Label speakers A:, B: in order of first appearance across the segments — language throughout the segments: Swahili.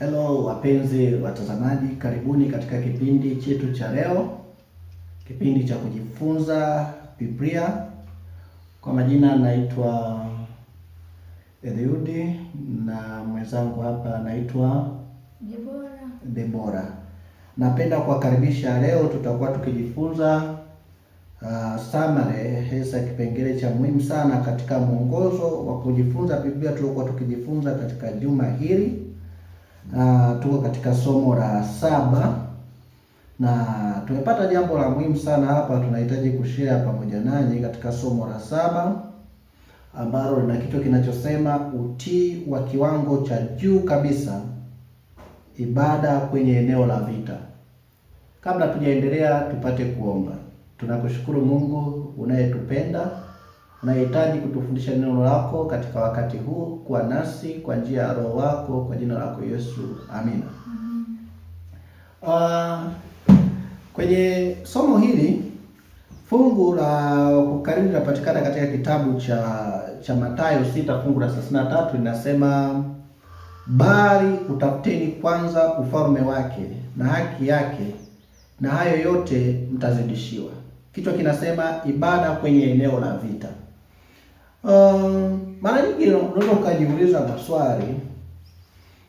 A: Hello wapenzi watazamaji, karibuni katika kipindi chetu cha leo, kipindi cha kujifunza Biblia. Kwa majina naitwa Eliudi na mwenzangu hapa anaitwa
B: Debora. Debora,
A: napenda kuwakaribisha. Leo tutakuwa tukijifunza uh, summary, hasa kipengele cha muhimu sana katika mwongozo wa kujifunza Biblia tuliokuwa tukijifunza katika juma hili tuko katika somo la saba na tumepata jambo la muhimu sana hapa, tunahitaji kushare pamoja nanyi katika somo la saba ambalo lina kichwa kinachosema utii wa kiwango cha juu kabisa, ibada kwenye eneo la vita. Kabla tujaendelea, tupate kuomba. Tunakushukuru Mungu unayetupenda Unahitaji kutufundisha neno lako katika wakati huu, kuwa nasi kwa njia ya Roho wako, kwa jina lako Yesu, amina. Uh, kwenye somo hili fungu la kukariri linapatikana katika kitabu cha cha Mathayo 6 fungu la 33 linasema, bali utafuteni kwanza ufalme wake na haki yake, na hayo yote mtazidishiwa. Kichwa kinasema ibada kwenye eneo la vita. Um, mara nyingi unaweza ukajiuliza maswali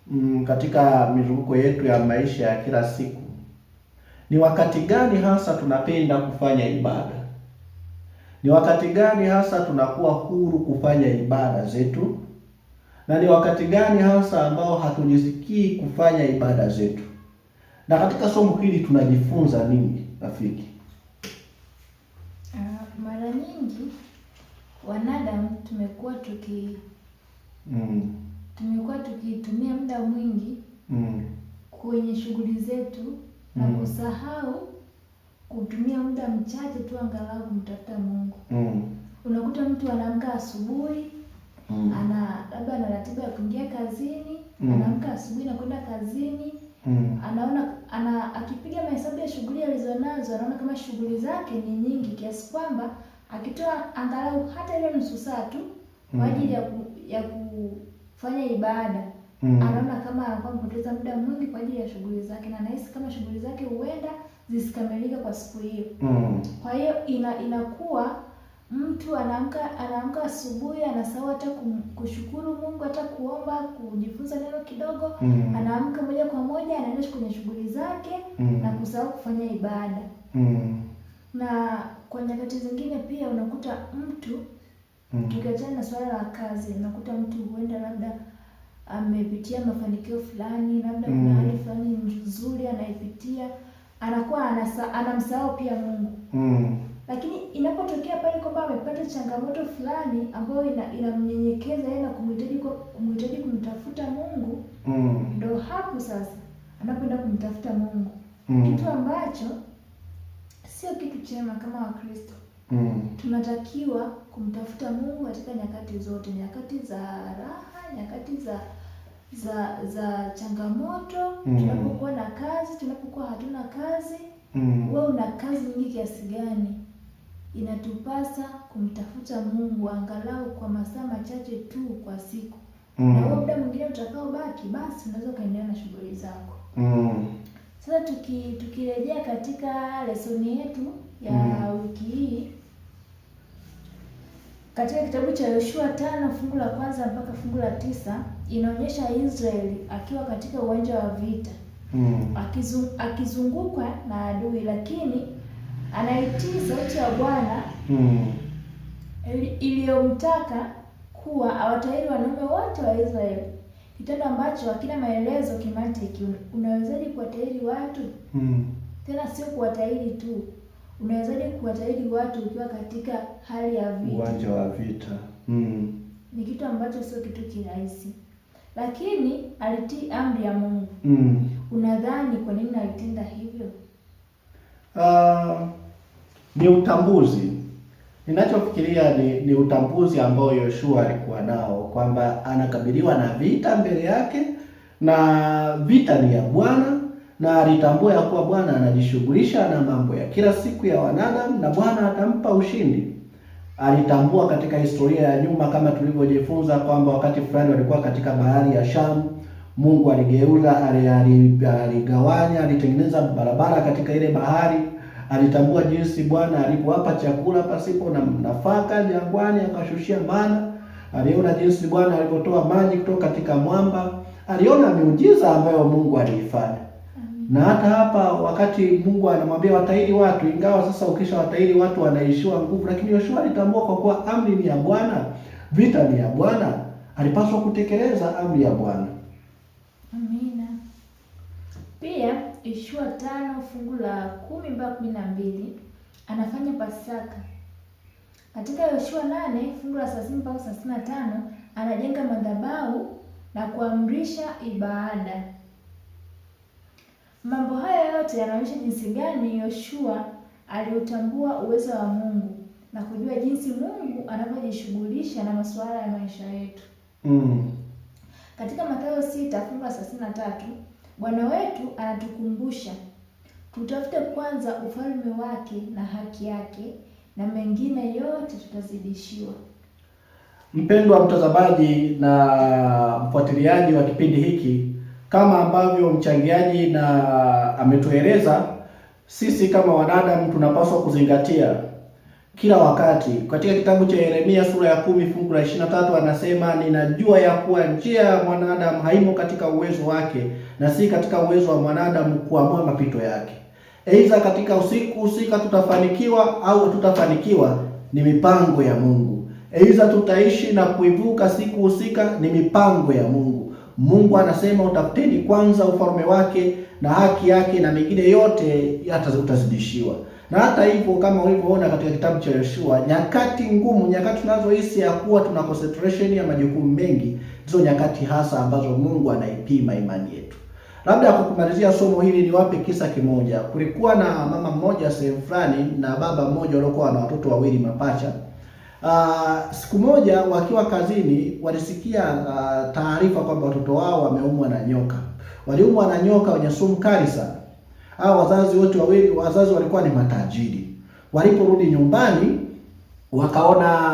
A: mm, katika mizunguko yetu ya maisha ya kila siku. Ni wakati gani hasa tunapenda kufanya ibada? Ni wakati gani hasa tunakuwa huru kufanya ibada zetu? Na ni wakati gani hasa ambao hatujisikii kufanya ibada zetu? Na katika somo hili tunajifunza nini rafiki?
B: wanadamu tumekuwa tuki mm. tumekuwa tukitumia muda mwingi mm. kwenye shughuli zetu na mm. kusahau kutumia muda mchache tu angalau kumtafuta Mungu mm. unakuta mtu anaamka asubuhi mm. ana labda ana ratiba ya kuingia kazini mm. anaamka asubuhi na kwenda kazini Mm. Anaona ana akipiga mahesabu ya shughuli alizonazo anaona kama shughuli zake ni nyingi kiasi kwamba akitoa angalau hata ile nusu saa tu kwa mm. ajili ya ku, ya kufanya ibada mm. Anaona kama anakuwa amepoteza muda mwingi kwa ajili ya shughuli zake, na anahisi kama shughuli zake huenda zisikamilike kwa siku hiyo mm. Kwa hiyo ina, inakuwa mtu anaamka anaamka asubuhi, anasahau hata kushukuru Mungu, hata kuomba, kujifunza neno kidogo mm. Anaamka moja kwa moja anaenda kwenye shughuli zake mm. na kusahau kufanya ibada mm na kwa nyakati zingine pia unakuta mtu mm. tukiachana na swala la kazi, unakuta mtu huenda labda amepitia mafanikio fulani, labda kuna mm. hali fulani nzuri anaipitia, anakuwa anasa, anamsahau pia Mungu mm. lakini inapotokea pale kwamba amepata changamoto fulani ambayo inamnyenyekeza ina na kumhitaji kumtafuta Mungu mm. ndo hapo sasa anapoenda kumtafuta Mungu mm. kitu ambacho sio kitu chema kama Wakristo. Mm. Tunatakiwa kumtafuta Mungu katika nyakati zote, nyakati za raha, nyakati za za za changamoto, mm. tunapokuwa na kazi, tunapokuwa hatuna kazi. Mm. Wewe una kazi nyingi kiasi gani? Inatupasa kumtafuta Mungu angalau kwa masaa machache tu kwa siku. Mm. Na wewe muda mwingine utakaobaki basi unaweza ukaendelea na shughuli zako. Mm. Sasa tuki, tukirejea katika lesoni yetu ya mm. wiki hii katika kitabu cha Yoshua tano fungu la kwanza mpaka fungu la tisa inaonyesha Israeli akiwa katika uwanja wa vita mm. akizung, akizungukwa na adui, lakini anaitii sauti ya Bwana mm. iliyomtaka kuwa awatahiri wanaume wote wa Israeli kitendo ambacho hakina maelezo kimantiki, unawezaje kuwatahiri watu mm? Tena sio kuwatahiri tu, unawezaje kuwatahiri watu ukiwa katika hali ya vita,
A: uwanja wa vita
B: mm. Ni kitu ambacho sio kitu kirahisi, lakini alitii amri ya Mungu mm. Unadhani kwa nini alitenda hivyo?
A: Uh, ni utambuzi Ninachofikiria ni, ni utambuzi ambao Yoshua alikuwa nao kwamba anakabiliwa na vita mbele yake na vita ni ya Bwana na alitambua ya kuwa Bwana anajishughulisha na mambo ya kila siku ya wanadamu na Bwana atampa ushindi. Alitambua katika historia ya nyuma kama tulivyojifunza kwamba wakati fulani walikuwa katika bahari ya Shamu, Mungu aligeuza, aligawanya, alitengeneza barabara katika ile bahari Alitambua jinsi Bwana alipowapa chakula pasipo na nafaka jangwani, akashushia mana. Aliona jinsi Bwana alipotoa maji kutoka katika mwamba. Aliona miujiza ambayo Mungu aliifanya. Na hata hapa wakati Mungu anamwambia watahiri watu, ingawa sasa ukisha watahiri watu wanaishiwa nguvu, lakini Yoshua alitambua kwa kuwa amri ni ya Bwana, vita ni ya Bwana, alipaswa kutekeleza amri ya Bwana.
B: Amina. Pia Yoshua tano fungu la kumi mpaka kumi na mbili anafanya Pasaka. Katika Yoshua nane fungu la thelathini mpaka thelathini na tano anajenga madhabahu na kuamrisha ibada. Mambo haya yote yanaonyesha jinsi gani Yoshua aliutambua uwezo wa Mungu na kujua jinsi Mungu anavyojishughulisha na masuala ya maisha yetu. Mm. Katika Mathayo sita fungu la thelathini na tatu Bwana wetu anatukumbusha tutafute kwanza ufalme wake na haki yake, na mengine yote tutazidishiwa.
A: Mpendwa mtazamaji na mfuatiliaji wa kipindi hiki, kama ambavyo mchangiaji na ametueleza, sisi kama wanadamu tunapaswa kuzingatia kila wakati. Katika kitabu cha Yeremia sura ya kumi fungu la 23 anasema, ninajua ya kuwa njia ya mwanadamu haimo katika uwezo wake, na si katika uwezo wa mwanadamu kuamua mapito yake. Aidha, katika usiku husika tutafanikiwa au tutafanikiwa, ni mipango ya Mungu. Aidha, tutaishi na kuivuka siku husika, ni mipango ya Mungu. Mungu anasema utafuteni kwanza ufalme wake na haki yake, na mengine yote utazidishiwa. Na hata hivyo kama ulivyoona katika kitabu cha Yoshua, nyakati ngumu, nyakati tunazohisi ya kuwa tuna concentration ya majukumu mengi, hizo nyakati hasa ambazo Mungu anaipima imani yetu. Labda kwa kumalizia somo hili niwape kisa kimoja. Kulikuwa na mama mmoja sehemu fulani na baba mmoja waliokuwa na watoto wawili mapacha. Uh, siku moja wakiwa kazini walisikia uh, taarifa kwamba watoto wao wameumwa na nyoka. Waliumwa na nyoka wenye sumu kali sana hao wazazi wote wawili, wazazi walikuwa ni matajiri. Waliporudi nyumbani, wakaona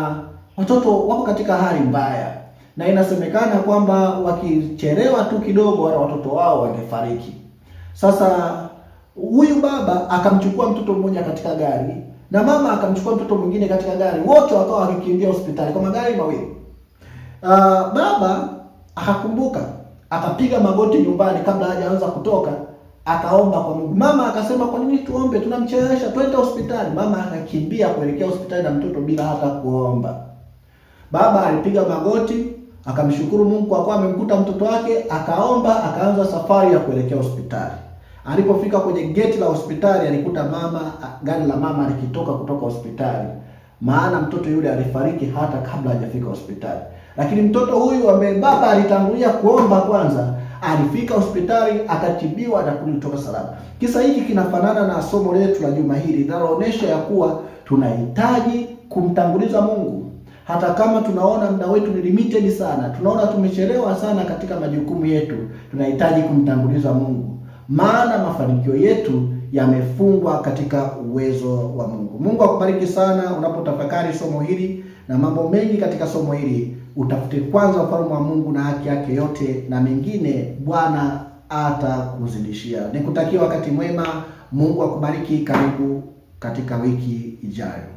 A: watoto wako katika hali mbaya, na inasemekana kwamba wakichelewa tu kidogo, wala watoto wao wangefariki. Sasa huyu baba akamchukua mtoto mmoja katika gari na mama akamchukua mtoto mwingine katika gari, wote wakawa wakikimbia hospitali kwa magari mawili. Uh, baba akakumbuka akapiga magoti nyumbani kabla hajaanza kutoka akaomba kwa Mungu. Mama akasema kwa nini tuombe, tunamchelewesha, twende hospitali. Mama akakimbia kuelekea hospitali na mtoto bila hata kuomba. Baba alipiga magoti akamshukuru Mungu kwa kuwa amemkuta mtoto wake, akaomba, akaanza safari ya kuelekea hospitali. Alipofika kwenye geti la hospitali alikuta mama, gari la mama likitoka kutoka hospitali, maana mtoto yule alifariki hata kabla hajafika hospitali. Lakini mtoto huyu ambaye baba alitangulia kuomba kwanza alifika hospitali akatibiwa na kutoka salama. Kisa hiki kinafanana na somo letu la juma hili linaloonyesha ya kuwa tunahitaji kumtanguliza Mungu hata kama tunaona muda wetu ni limited sana, tunaona tumechelewa sana katika majukumu yetu, tunahitaji kumtanguliza Mungu, maana mafanikio yetu yamefungwa katika uwezo wa Mungu. Mungu akubariki sana unapotafakari somo hili na mambo mengi katika somo hili utafute kwanza ufalme wa Mungu na haki yake yote, na mengine Bwana atakuzidishia. Nikutakia wakati mwema, Mungu akubariki. Karibu katika wiki ijayo.